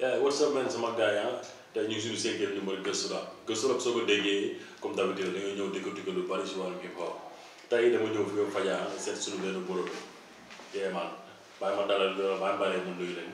Yeah, what's up man sama gars yi tey ñu ngi suñu cinquième numéro Gëstu Rap Gëstu Rap soo ko déggee comme d'habitude da ñëw dégg dégg lu bari si wàllum hip hop tey dama ñëw man bàyyi ma dalal bàyyi ma bàyyi ma nuyu leen.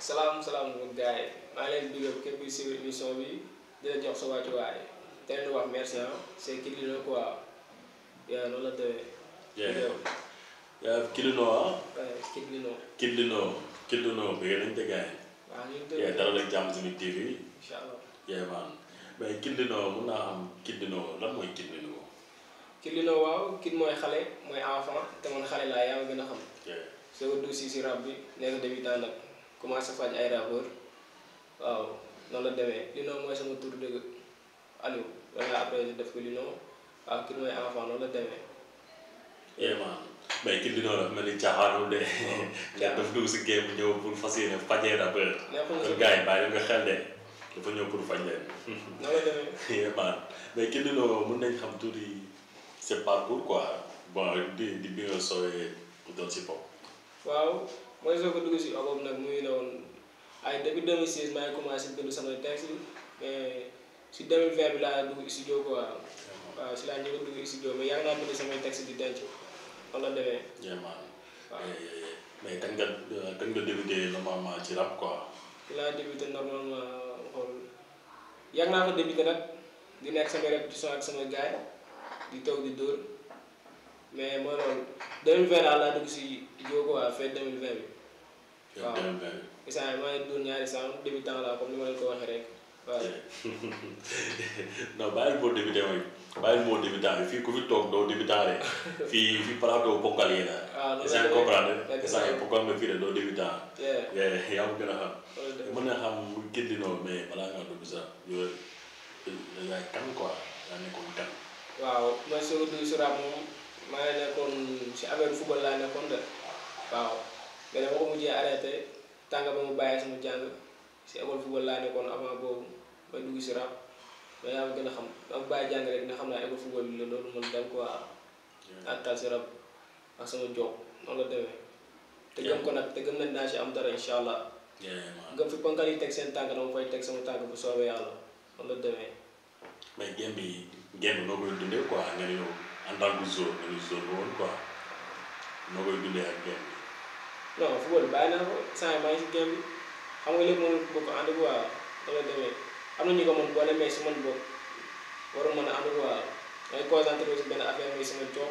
salaam salaam gars yi maa leen di déglu képp kuy suivre émission bi di la jox sa wàccuwaay te leen di wax merci ah c' est Kilino bi nga leen di gars yi yee dara leen jàmm suñu TV yee maan mais kindinoo mun naa am kindinoo lan mooy kindinoo kindinoo waaw kin mooy xale mooy enfant te man xale laa yaa ma gën a xam soo ko duusi si rab bi nekk débutant nag commencé faj ay rappeur waaw noonu la demee linoo mooy sama tur dëgg Aliou walla après def ko linoo waaw kin mooy enfant noonu la demee yee maan mais kii bi noonu dafa mel ni caaxaanul de. ndax dafa dugg si game ñëw pour fas yéene fajee na bëri. nekkul gars yi bàyyi nga xel de dafa ñëw pour faj leen. na nga demee mais kii bi noonu mën nañ xam tuuti sa parcours quoi bon di di bi nga soowee eh, doon si bopp. waaw mooy soo ko dugg si ogob nag muy ne woon ay depuis 2016 maa ngi commencé bind samay texte mais si 2020 bi laa dugg studio quoi waaw ah, si laa njëkk a dugg studio mais yàgg naa bind samay texte di denc. wala demee. jéemaan waaw mais kañ nga kañ euh, nga débuté normalement ci rap quoi. laa débuté normalement xool yàgg naa ko débuté nag di nekk sama répétition ak sama gaay di toog di dóor mais mooy loolu 2020 daal laa dugg si jiw ko waa fête 2020 bi. fête 2020 bi waaw. isaan maa ngi dóor ñaari sànq débutant laa comme ni ma leen ko waxee rek. non bàyyil moo débuté mooy bàyyil moo débutant fii ku fi toog doo débutant fii fii plateau bokkal yi si rap football laa nekkoon de waaw mais dama ko mujjee arrêté tànga ba mu bàyyi sama jàng si école football laa nekkoon avant boobu. bay dugg si rap mais yaa gën a xam am bàyyi jàng rek ne xam naa école waa attal si ko nag te nañ naa si am dara incha allah gëm fi ponkal teg seen tànk dama teg sama tànk bu soobee yàlla noonu la demee mais nga ne yow en nga ne joueur xam nga lépp moom bokk ànd bu waa noonu la demee am na ñu ko mën boo demee si man boobu waru mën a am waaw ngay concentré si benn affaire muy sama coow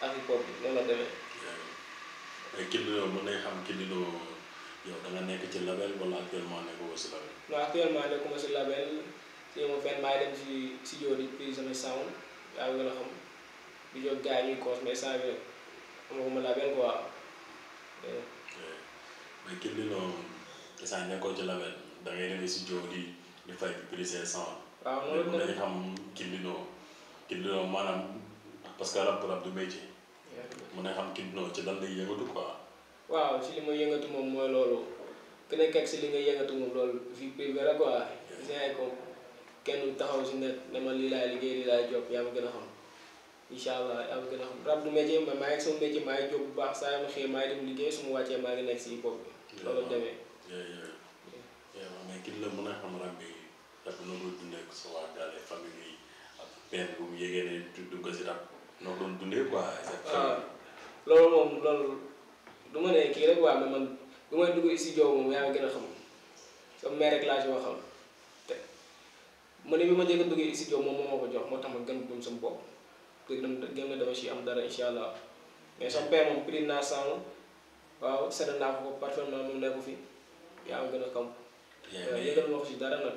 ak i bi noonu la demee. ay Kiddo mën nañ xam Kiddo yow da nekk ci label wala actuellement nekkoo si label. non actuellement nekkuma si label si ma fenn maay dem si si yoon yi fii sound yaa ngi gën a xam di jóg gars yi ñuy cause mais saa bi amaguma label quoi. mais Kiddo saa nekkoo ci label da ngay dem si yoon yi. ñu fay plus de 500. waaw loolu dañu xam kibinoo kibinoo maanaam parce que rab rab du métier. mën na xam kibinoo ci lan lay yëngatu quoi. waaw ci li ma yëngatu moom mooy loolu ku nekk ak si li nga yëngatu moom loolu vie privée la quoi. gis ko kenn taxaw si net ne ma lii laay liggéey lii laay job yaa ma gën a xam. incha allah yaa ma gën a xam rab du métier ma maa ngi sama métier maa ngi jóg bu baax saa yu ma xëyee maa dem liggéey su ma wàccee maa ngi nekk si bopp bi. ak noo koy dundee ak ko si rab noo ah, loolu du ma ne kii rek waaw man du may dugg studio moom yaa ngi gën a xam sama mère bi ma njëkk a dugg studio moom moo ma ko jox moo tax ma gën gëm sama bopp léegi dama gëm ne dara incha allah mais sama père nekku fi yaa ngi gën a xam. yaa ngi gën a wax dara nag.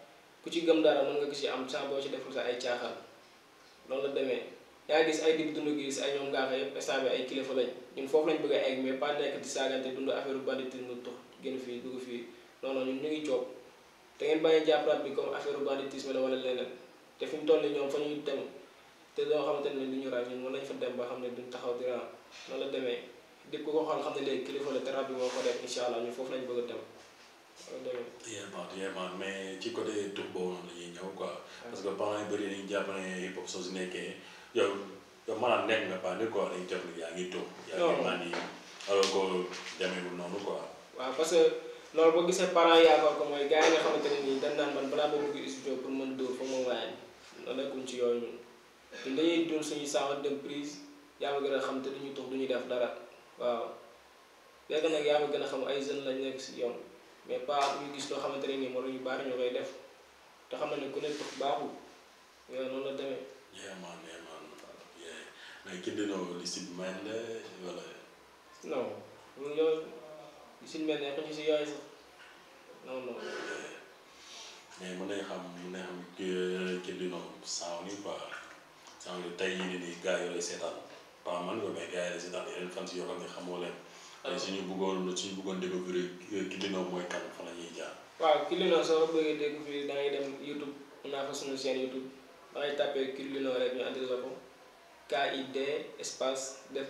ku ci gëm dara mën nga gis yi am saa ci deful sa ay caaxaan loolu la demee yaa gis ay dib dund gis ay ñoom ngaaxa yëpp instant ay kilifa lañ ñun foofu lañ bëgg a egg mais pas nekk di saagante dund affaire banditisme tux génn fii dugg fii non non ñun ngi coob te ngeen bàyyi jàpp rab bi comme affaire banditisme wala leneen te fi mu toll ñoom fa ñuy dem te doo xamante ne du ñu raaj ñun mën fa dem ba xam ne duñ taxaw di ran noonu la demee dib ku ko xool xam ne léegi kilifa la te rab bi moo ko def incha allah ñun foofu lañ bëgg a dem yéen maa yéen maa mais ci côté tur boobu noonu la ñuy ñëw quoi. parce que parents yi bëri nañu jàpp ne soo si nekkee yow yow maanaam nekk nga bànn quoi dañu jàpp ne yaa ngi tur. yaa waaw parce que loolu boo gisee parents yaakaar ko mooy gars yi nga nii dañ naan man balaa ma dugg studio pour mën dóor fa ma waayal loolu nekkuñ ci yooyu ñun. ñun dañuy dóor suñu saawa dem prise yaa ma gën a xam te duñu tux duñu def dara waaw léegi nag yaa ma gën a xam ay jeunes lañ nekk si yoon. mais pas ñu gis loo xamante ne nii moom la ñu bari ñu koy def te xam na ne ku ne baaxul yooyu noonu la demee. yeah man yeah man yeah mais kii dina wala si mel ne wala. non loolu yow si mel ne xëcc xam mën nañ xam kii saaw ni quoi saaw ni tey jii nii gars yi lay seetaan pas man mais gars yi seetaan yeneen fan si yoo xam ne xamoo leen. dañ suñu bëggoon suñu bëggoon découvrir euh, Kilino mooy kan fa la ñuy jaar. waaw Kilino soo bëggee découvrir da dem YouTube mun naa fa suñu chaîne YouTube da ngay tapé rek ñu andi la ko KID espace def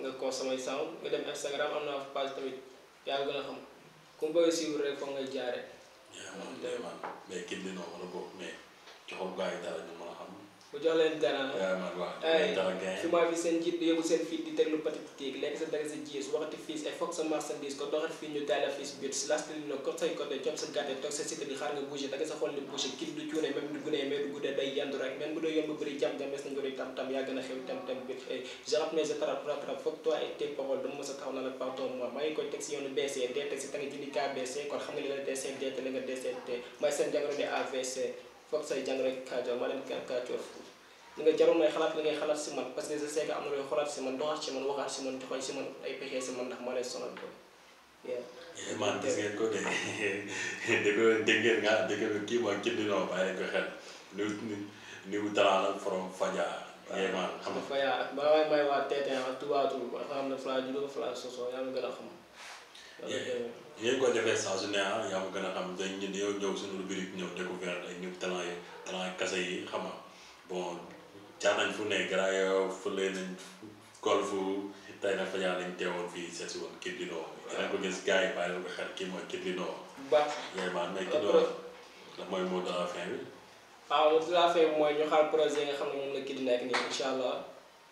nga consommé sound nga dem Instagram am naa fa page tamit yaa gën a xam ku mu bëgg suivre rek foog ngay jaaree. yaa ngi mais Kilino wala boobu mais joxoon gars yi dara ñu mën a mu jox leen gànnaar. waaw su ma fi seen jiit yóbbu seen fii di teglu patati tiig léegi sa dara sa jiir su waxati fiis ay foog sa marchandise ko doxat fii ñu daala fiis biir si last li du cuune day yandu rek même bu dee yoon bu jam jam des nañ tam tam yaa gën a xew tam tam bi jarab mais je tarap rap rap foog toi et tes paroles dama mos a taxaw na la pardon moi teg si teg si tanga jëndi KBC kon xam nga li nga DCD te li nga DCD foog say jàng rek kaajoor ma leen kaajoor li nga jarul may xalaat li ngay xalaat si man parce que je sais am na looy xalaat si man doxaat si man ay pexe si man ndax ma sonal ko. man gis ngeen de dégg ngeen nga dégg ngeen kii xam nga faja ak ah, ba may may waa teeteen ak tubaatul xam na fala judo fala soso yaa ngi gën a xam li ngeen ko defee saa su ne ah, yaa ma gën a xam dañ ñu ñëw ñëw suñu rubrique ñëw découverte ay ñu talent yi talent kase yi xam nga bon jaar nañ fu ne garaayo fële nañ golf tey nag fa fii seet si woon Kid Ludo dinañ ko gis mooy Kid Ludo. baax vraiment mais Kid Ludo la bi. waaw ah, nga xam ne moom la Kid nekk nii incha allah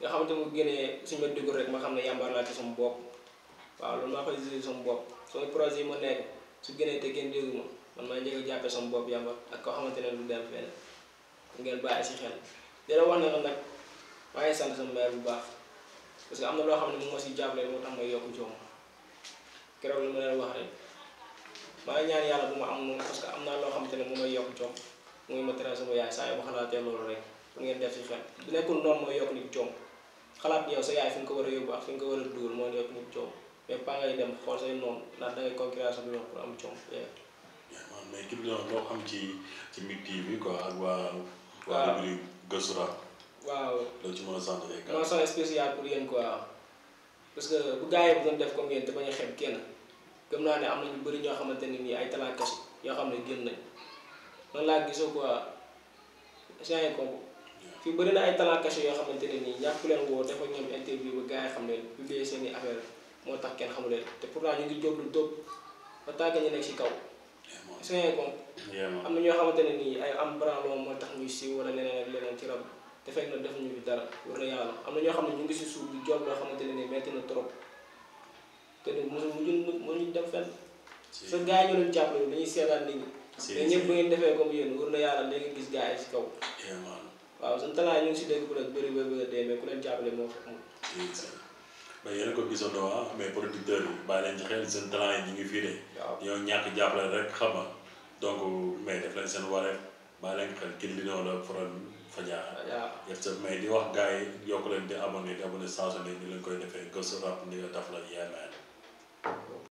nga xamante mu génnee suñu rek ma xam ne yàmbaar naa ci sama bopp. waaw loolu maa koy jëlee sama bopp soo projet yi ma nekk su gënee te kenn déggu ma man maa njëkk a jàppee sama bopp yàmba ak koo xamante ne lu dem fenn ngeen bàyyi si xel dina wax ne la nag maa ngi sant sama bu baax parce que am na loo xam ne moom si jàppale moo tax joom keroog li ma leen wax rek maa ngi ñaan yàlla bu am moom parce que am naa loo xamante ma teral sama yaay saa yu ma xalaatee loolu rek pour ngeen def si xel bu nekkul noonu mooy yokk nit joom xalaat yow sa yaay fi nga ko war a yóbbu fi nga ko war a dugal moo yokk nit joom mais pas ngay dem xool say noonu naan da ngay concurrence bi wax yee xam ci ci Mik TV quoi ak waa waa rubrique pour yéen quoi que bu gars yi def comme yéen te bañ a kenn gëm naa ne am na ñu ñoo xamante ne nii ay talent kese xam ne génn nañ laa gisoo quoi saa ko fii bëri na ay talent yoo xamante ne nii ñàkk leen woo dafa ñoom interview ba gars yi xam ne publier seen i affaire moo tax kenn xamu leen te pourtant ñu ngi jóg lu tóob ba tàgg ñu nekk ci kaw. est-ce que am na ñoo xamante ne nii ay am branlon moo tax ñuy siiw wala leneen ak leneen ci rab te fekk na defuñu fi dara war na yàlla am na ñoo xam ne ñu ngi si suuf di jóg loo xamante ne nii metti na trop te du mu mënuñ dem fenn. sa gars yi ñu doon jàppale dañuy seetaan nit ñi. ñëpp bu ngeen defee comme yéen war na yàlla léegi gis gars yi si kaw. waaw suñu talaa ñu ngi si dégg bu la bëri bëri bëri dee mais ku leen jàppale moo fa amul mais yéen a ko gisandoo ah mais producteurs yi bàyyi leen ci xel seen talent yi ñu ngi fii de. waaw ñoo ñàkk jàppale rek xam nga donc mais def leen seen wareef bàyyi leen xel kii li ñoo la faral fa jaar. def di wax gars yi yokk leen di abonné di abonné saa su ne ñu leen koy defee gëstu rap ni daf la yeemee.